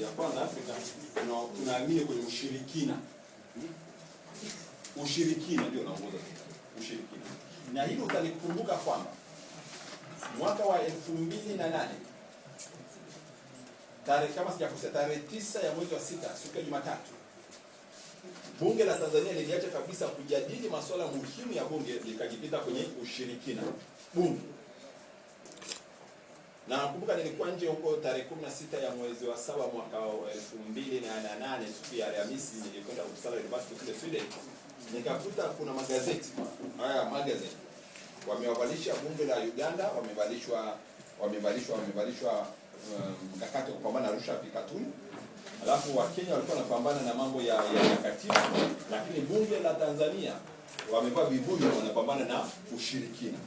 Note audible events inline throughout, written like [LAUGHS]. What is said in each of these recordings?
ya kwanza Afrika tunaamini kwenye ushirikina. Ushirikina ndio unaongoza ushirikina, na hilo utalikumbuka kwamba mwaka wa elfu mbili na nane tarehe kama sijakosea, tarehe tisa ya mwezi wa sita, siku ya Jumatatu, bunge la Tanzania liliacha kabisa kujadili masuala muhimu ya bunge likajipita kwenye ushirikina bunge na nakumbuka nilikuwa nje huko tarehe 16 ya mwezi wa saba mwaka wa elfu mbili na nane siku ya Alhamisi nilikwenda Uppsala University kule Sweden, nikakuta kuna magazeti haya magazeti wamewavalisha bunge la Uganda wamevalishwa wamevalishwa wamevalishwa um, mkakati um, wa kupambana na rushwa pikatuni, alafu Wakenya walikuwa wanapambana na mambo ya, ya, ya katiba, lakini bunge la Tanzania wamevaa vibuyu wanapambana na ushirikina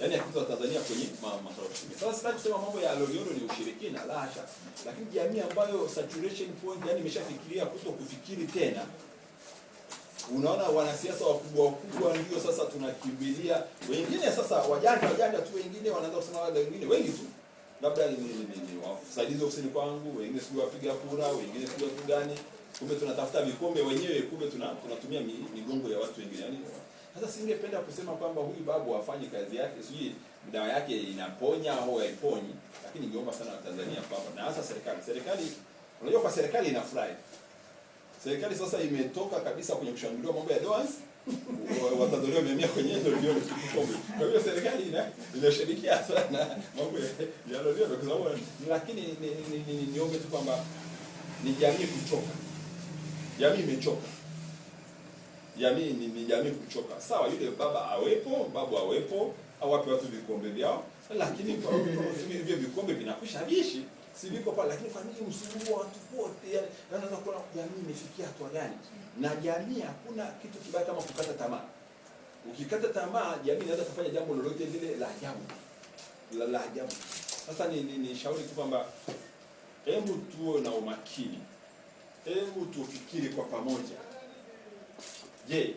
yaani akiza Tanzania kwenye mashauri. Sasa sitaki kusema mambo ya loliolo ni ushirikina, la hasha, lakini jamii ambayo saturation point, yani imeshafikiria kuto kufikiri tena Unaona, wanasiasa wakubwa wakubwa ndio sasa tunakimbilia. Wengine sasa wajanja wajanja tu, wengine wanaanza kusema wale wengine wengi tu labda ni ni ni, ni wasaidizi ofisini kwangu, wengine sio wapiga kura, wengine sio watu gani. Kumbe tunatafuta vikombe wenyewe, kumbe tunatumia migongo ya watu wengine yani sasa singependa kusema kwamba huyu babu afanye kazi yake, sijui dawa yake inaponya au haiponyi, lakini ningeomba sana Watanzania kwamba na hasa serikali, serikali unajua kwa serikali inafurahi. Serikali sasa imetoka kabisa kwenye kushambulia mambo ya doans [LAUGHS] Watanzania wamehamia kwenye hizo ndio. Kwa hiyo serikali ina inashirikia sana mambo ya ndio ndio, kwa sababu lakini ni ni ni, niombe tu kwamba ni jamii kuchoka. Jamii imechoka jamii ni, ni jamii kuchoka. Sawa, yule baba awepo, babu awepo, awape watu vikombe vyao, lakini kwa hivyo vikombe vinakwisha vishi si viko pale, lakini kwa nini msumbua watu wote? Yani unaweza kuona jamii imefikia hatua gani? Na jamii hakuna kitu kibaya kama kukata tamaa. Ukikata tamaa, jamii inaweza kufanya jambo lolote lile la ajabu la, la ajabu. Sasa ni, ni, ni shauri tu kwamba hebu tuwe na umakini, hebu tufikiri kwa pamoja. Je,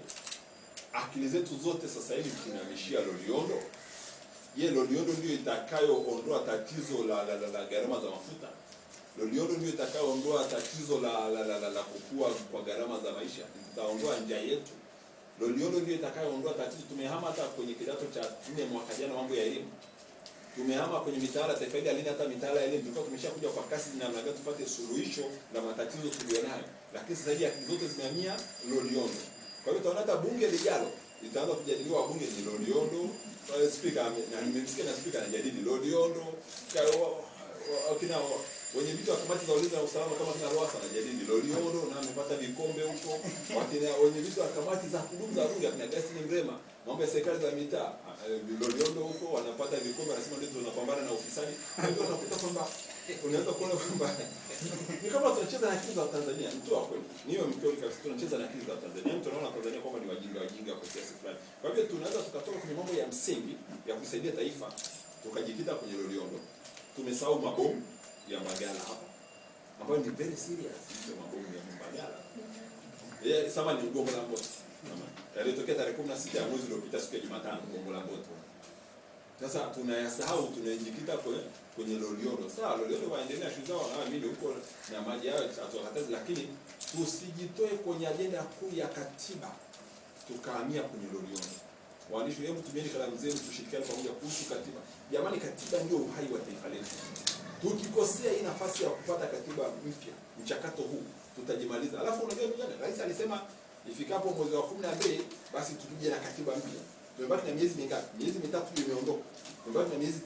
akili zetu zote sasa hivi tunahamishia Loliondo? Je, Loliondo ndio itakayoondoa tatizo la, la, la, la gharama za mafuta? Loliondo ndio itakayoondoa tatizo la, la, la, la, la kukua kwa gharama za maisha? Itaondoa njia yetu? Loliondo ndio itakayoondoa tatizo? Tumehama hata kwenye kidato cha nne mwaka jana, mambo ya elimu tumehama kwenye mitaala taifa alini hata mitaala ile elimu. Tulikuwa tumeshakuja kwa kasi namna gani tupate suluhisho la matatizo tuliyonayo, lakini sasa hivi akili zote zimehamia Loliondo. Kwa hiyo tunaona hata bunge lijalo litaanza kujadiliwa bunge ni Loliondo. Wale speaker na nimemsikia na speaker anajadili Loliondo. Kwa wakina wenye vitu wa kamati za ulinzi na usalama kama kina Rwasa anajadili Loliondo na amepata vikombe huko. Wakina wenye vitu wa kamati za kudumu za bunge kina Gaston Mrema, mambo ya serikali za mitaa eh, Loliondo huko wanapata vikombe, anasema ndio tunapambana na ufisadi. Kwa hiyo unakuta kwamba unaweza kuona kwamba ni kama tunacheza na akili za Tanzania. Mtu wa kweli ni hiyo mkweli kabisa, tunacheza na akili za Tanzania. Mtu anaona Tanzania kwamba ni wajinga wajinga kwa kiasi fulani. Kwa hivyo tunaweza tukatoka kwenye mambo ya msingi ya kusaidia taifa tukajikita kwenye Loliondo. Tumesahau mabomu ya Mbagala hapa ambayo ni very serious, ndio mabomu ya Mbagala yeye yeah, sama ni ugomo la Mboto kama yalitokea tarehe 16 ya mwezi uliopita siku ya Jumatano ugomo la Mboto sasa tunayasahau, tunajikita kwenye kwenye Loliondo. Sawa, Loliondo waendelea shughuli zao na mimi huko na maji hayo tutawakataza, lakini tusijitoe kwenye ajenda kuu ya katiba tukahamia kwenye Loliondo. Waandishi, hebu tumieni kalamu zenu, tushirikiane pamoja kuhusu katiba. Jamani, katiba ndio uhai wa taifa letu. Tukikosea hii nafasi ya kupata katiba mpya, mchakato huu tutajimaliza. Alafu unajua nini, rais alisema ifikapo mwezi wa 12 basi tukija na katiba mpya. tumebaki na miezi mingapi? Miezi mitatu imeondoka, tumebaki na miezi